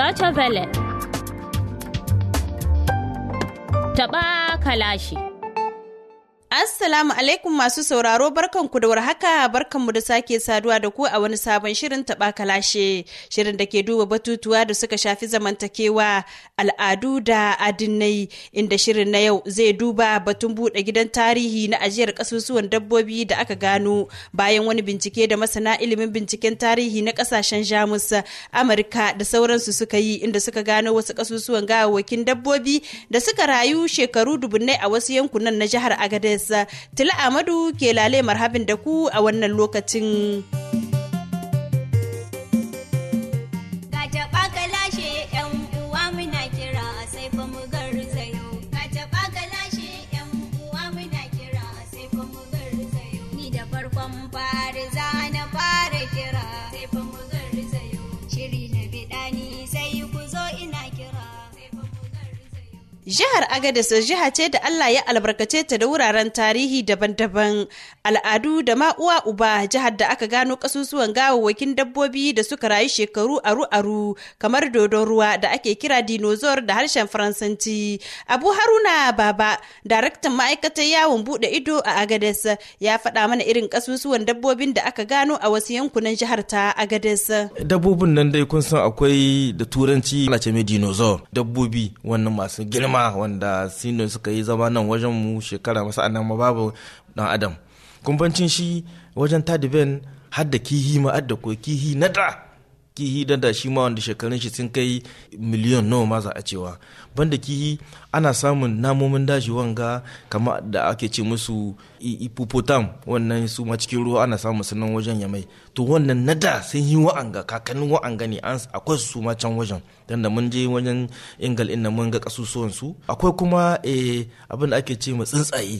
Deutsche Welle. Taɓa kalashi. Assalamu alaikum masu sauraro barkanku da warhaka barkanmu da sake saduwa da ku a wani sabon shirin taɓa kalashe shirin da ke duba batutuwa da suka shafi zamantakewa al'adu da adinai inda shirin na yau zai duba batun buɗe gidan tarihi na ajiyar ƙasusuwan dabbobi da aka gano bayan wani bincike da masana ilimin binciken tarihi na kasashen Jamus Amurka da sauransu suka yi inda suka gano wasu ƙasusuwan gawawwakin dabbobi da suka rayu shekaru dubunnai a wasu yankunan na jihar Agadez yasa tila amadu ke lale marhabin da ku a wannan lokacin. Jihar Agadez jiha ce da Allah ya albarkace ta da wuraren tarihi daban-daban, al'adu da ma uwa uba jihar da aka gano kasusuwan gawawwakin dabbobi da suka rayu shekaru aru-aru kamar dodon ruwa da ake kira dinosaur da harshen Faransanci. Abu Haruna Baba, daraktan ma'aikatar yawon bude ido a Agadez, ya faɗa mana irin kasusuwan dabbobin da aka gano a wasu yankunan jihar ta Agadez. Dabbobin nan dai kun san akwai da turanci ana ce mai dinosaur dabbobi wannan masu girma a wanda sino suka yi zama nan wajen mu shekara masa annan ma babu dan adam kumbancin shi wajen tadiben har da kihi ma kihi na da kihi dan da shi ma wanda shekarun shi sun kai miliyan nawa ma za a cewa banda kihi ana samun namomin daji wanga kama da ake ce musu ipopotam wannan su ma cikin ruwa ana samun sunan wajen ya mai to wannan na da sun yi wa'anga kakannin wa'anga ne akwai su ma can wajen dan da mun je wajen ingal inda mun ga kasusuwan su akwai kuma eh, abin da ake ce mu tsuntsaye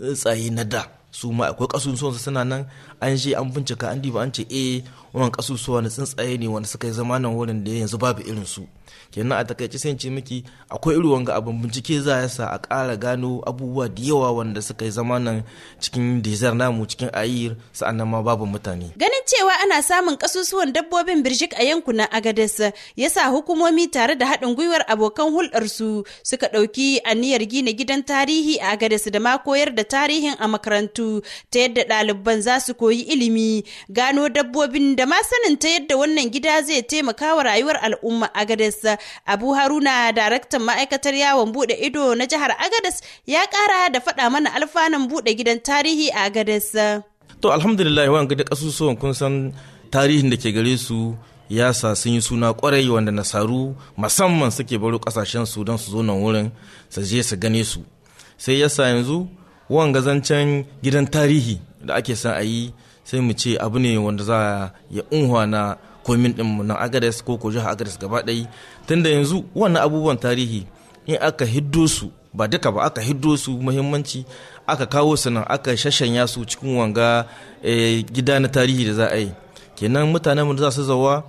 tsuntsaye na da su ma akwai kasusuwan su suna nan an je an bincika an diba an ce eh wannan kasusuwa na tsuntsaye ne wanda suka yi nan wurin da yanzu babu irin su kenan a takaice sai ce miki akwai irin wanga abin bincike za ya sa a kara gano abubuwa da yawa wanda suka yi nan cikin dizar namu cikin ayir sa'annan ma babu mutane ganin cewa ana samun kasusuwan dabbobin birjik a yankunan ya sa hukumomi tare da haɗin gwiwar abokan hulɗarsu suka ɗauki aniyar gina gidan tarihi a agadez da ma koyar da tarihin a makarantu ta yadda ɗaliban za su koyi ilimi gano dabbobin da da ma sanin ta yadda wannan gida zai taimaka wa rayuwar al'umma Agadez. Abu Haruna daraktan ma'aikatar yawon bude ido na jihar Agadez ya kara da faɗa mana alfanan bude gidan tarihi a Agadez. To alhamdulillah wayan gida kasusuwan kun san tarihin da ke gare su ya sa sun yi suna kwarai wanda nasaru musamman suke baro kasashen su don su zo nan wurin su je su gane su sai yasa yanzu wanga zancen gidan tarihi da ake son a yi sai mu ce abu ne wanda za ya unhuwa na komin din na agares ko ko jihar agares gaba ɗaya tunda yanzu wannan abubuwan tarihi in aka hiddo su ba duka ba aka hiddo su muhimmanci aka kawo su nan aka shashanya su cikin wanga eh, gida na tarihi da za a yi kenan mutanen mu za su zawa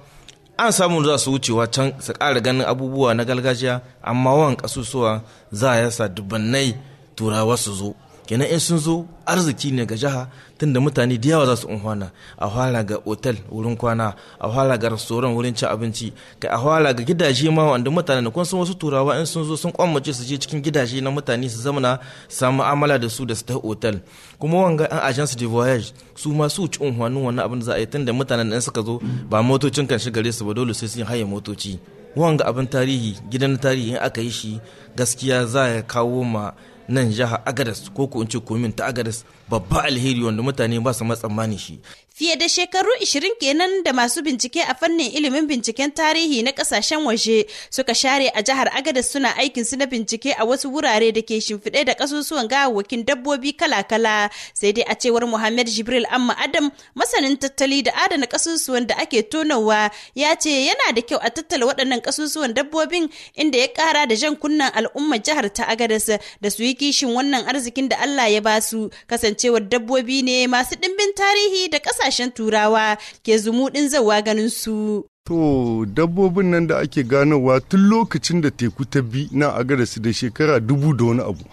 an samu za su wucewa can su ƙara ganin abubuwa na gargajiya amma wan kasusuwa za a yasa dubannai turawa su zo kenan in sun zo arziki ne ga jiha tunda mutane da yawa za su unhwana a hwala ga otal wurin kwana a hwala ga restoran wurin ci abinci ka a hwala ga gidaje ma wanda mutane na kun san wasu turawa in sun zo sun kwamace su je cikin gidaje na mutane su zamana samu amala da su da su ta otal kuma wanga an agence de voyage su ma su ci unhwanu wannan abin da za a yi tunda mutanen nan suka zo ba motocin kan shiga su ba dole sai sun haye motoci wanga abin tarihi gidan tarihi in aka yi shi gaskiya za ya kawo ma nan jihar agadas ko ku in ce komin ta agadas babba alheri wanda mutane ba su matsammanin shi. Fiye da shekaru 20 kenan da masu bincike a fannin ilimin binciken tarihi na kasashen waje suka share a jihar Agadez suna aikin su na bincike a wasu wurare da ke shimfiɗe da kasusuwan gawawwakin dabbobi kala-kala sai dai a cewar Muhammad Jibril Amma Adam masanin tattali da adana kasusuwan da ake tonawa ya ce yana da kyau a tattala waɗannan kasusuwan dabbobin inda ya ƙara da jan kunnan al'ummar jihar ta agadas da su yi kishin wannan arzikin da Allah ya ba su kasance cewar dabbobi ne masu ɗimbin tarihi da ƙasashen turawa ke zumuɗin zawa ganin su. To dabbobin nan da ake ganowa tun lokacin da teku ta bi na su da shekara dubu da wani abu.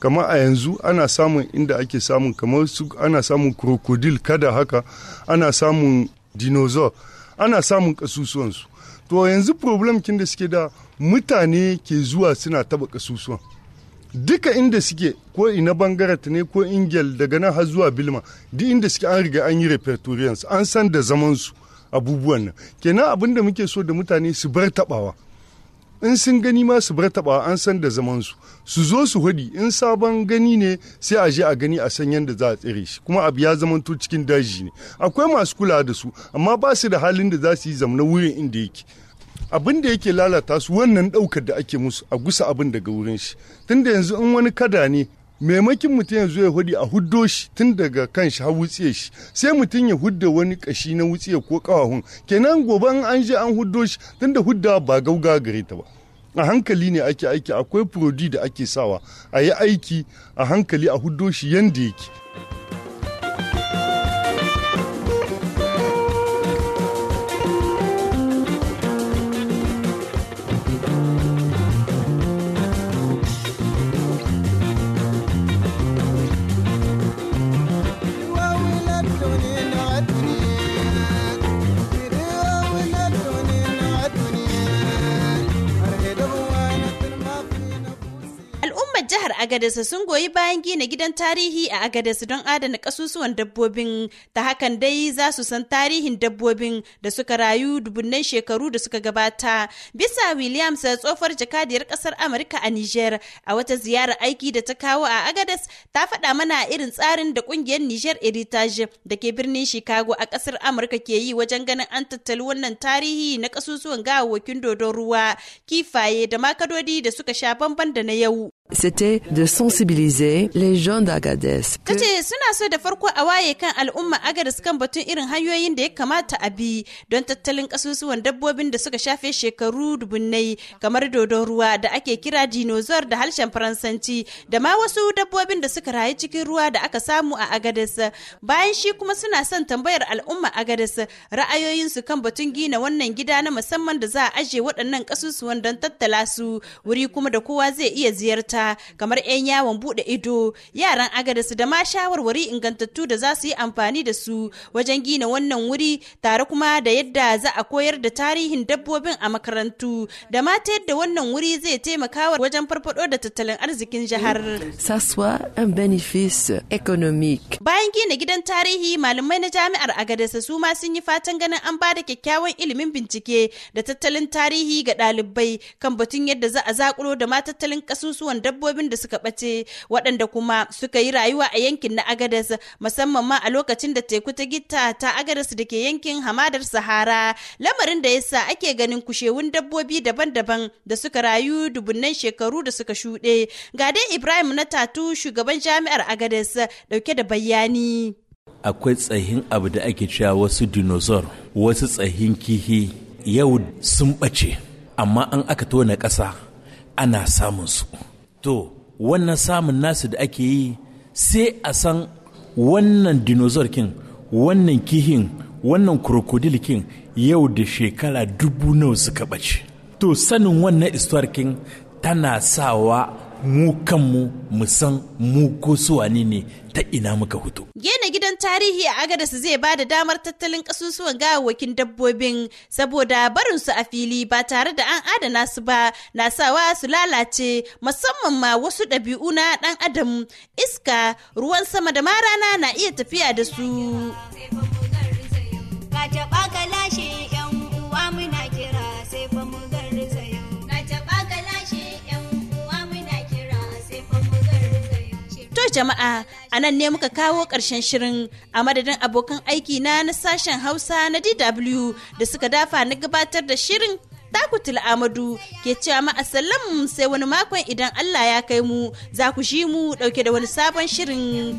Kama a yanzu ana samun inda ake samun kamar su ana samun krokodil kada haka ana samun dinosaur ana samun kasusuwansu. To yanzu problem kin da suke da mutane ke zuwa suna taba kasusuwan. duka inda suke ko ina bangaret ne ko ingel daga nan har zuwa bilma duk inda suke an riga an yi repertorians an san da zaman su abubuwan nan kenan abin da muke so da mutane su bar tabawa in sun gani ma su bar tabawa an san da zaman su su zo su hudi in sabon gani ne sai a je a gani a san yadda za a tsire shi kuma abu ya zamanto cikin daji ne akwai masu kula da su amma ba su da halin da za su yi zamna wurin inda yake abin da yake lalata su wannan daukar da ake musu a gusa abin daga wurin shi tun da yanzu in wani kada ne maimakin mutum ya zo ya hudi a huddo shi tun daga kan shi har wutsiye shi sai mutum ya hudda wani kashi na wutsiye ko kawahun kenan gobe an je an huddo shi tun da hudda ba gauga gare ta ba a hankali ne ake aiki akwai prodi da ake sawa a yi aiki a hankali a huddo shi yanda yake Al'ummar jihar Agadesa sun goyi bayan gina gidan tarihi a Agadesa don adana kasusuwan dabbobin ta hakan dai za su san tarihin dabbobin da suka rayu dubunnan shekaru da suka gabata. Bisa Williams tsofar jakadiyar kasar Amurka a Niger a wata ziyarar aiki da ta kawo a agadas ta faɗa mana irin tsarin da kungiyar Niger Heritage da ke birnin Chicago a kasar Amurka ke yi wajen ganin an tattali wannan tarihi na kasusuwan gawawwakin dodon ruwa, kifaye da makadodi da suka sha bamban da na yau. c'était de sensibiliser les gens d'Agadez. Ta suna so da farko a waye kan al'umma Agadez kan batun irin hanyoyin da ya kamata a bi don tattalin kasusuwan dabbobin da suka shafe shekaru dubunnai kamar dodon ruwa da ake kira dinosaur da harshen Faransanci da ma wasu dabbobin da suka rayu cikin ruwa da aka samu a Agadez. Bayan shi kuma suna son tambayar al'umma Agadez ra'ayoyinsu kan batun gina wannan gida na musamman da za a ajiye waɗannan kasusuwan don tattala su wuri kuma da kowa zai iya ziyarta. ta kamar 'yan yawon bude ido yaran agadasu da ma shawarwari ingantattu da za su yi amfani da su wajen gina wannan wuri tare kuma da yadda za a koyar da tarihin dabbobin a makarantu da ma ta yadda wannan wuri zai taimakawa wajen farfado da tattalin arzikin jihar. Saswa un bénéfice economic. Bayan gina gidan tarihi malamai na jami'ar agadarsa su ma sun yi fatan ganin an ba da kyakkyawan ilimin bincike da tattalin tarihi ga ɗalibai kan batun yadda za a zakulo da ma tattalin kasusuwan dabbobin da suka ɓace waɗanda kuma suka yi rayuwa a yankin na Agadas musamman ma a lokacin da teku ta gitta ta Agadas da ke yankin hamadar Sahara lamarin da yasa ake ganin kushewun dabbobi daban-daban da suka rayu dubunnan shekaru da suka shuɗe. Ga dai Ibrahim na tatu shugaban jami'ar Agadas dauke da bayani. Akwai tsahin abu da ake cewa wasu dinosaur, wasu tsahin kihi yau sun ɓace, amma an aka tona ƙasa ana samun su. to wannan samun nasu da ake yi sai a san wannan dinosaur kin wannan kihin wannan krokodil kin yau da shekara dubu nawa suka ɓace to sanin wannan kin tana sawa mu kanmu mu san mu ko suwane ne ta ina muka fito. Gena gidan tarihi a Agadas zai ba da damar tattalin kasusuwan gawawwakin dabbobin saboda barin su a fili ba tare da an adana su ba na sawa su lalace musamman ma wasu ɗabi'u na ɗan adam iska ruwan sama da ma rana na iya tafiya da su. jama'a a nan ne muka kawo ƙarshen shirin a madadin abokan aiki na na sashen hausa na dw da suka dafa na gabatar da shirin takutul amadu ke cewa ma'asallam sai wani makon idan allah ya kai mu za ku shi mu ɗauke da wani sabon shirin.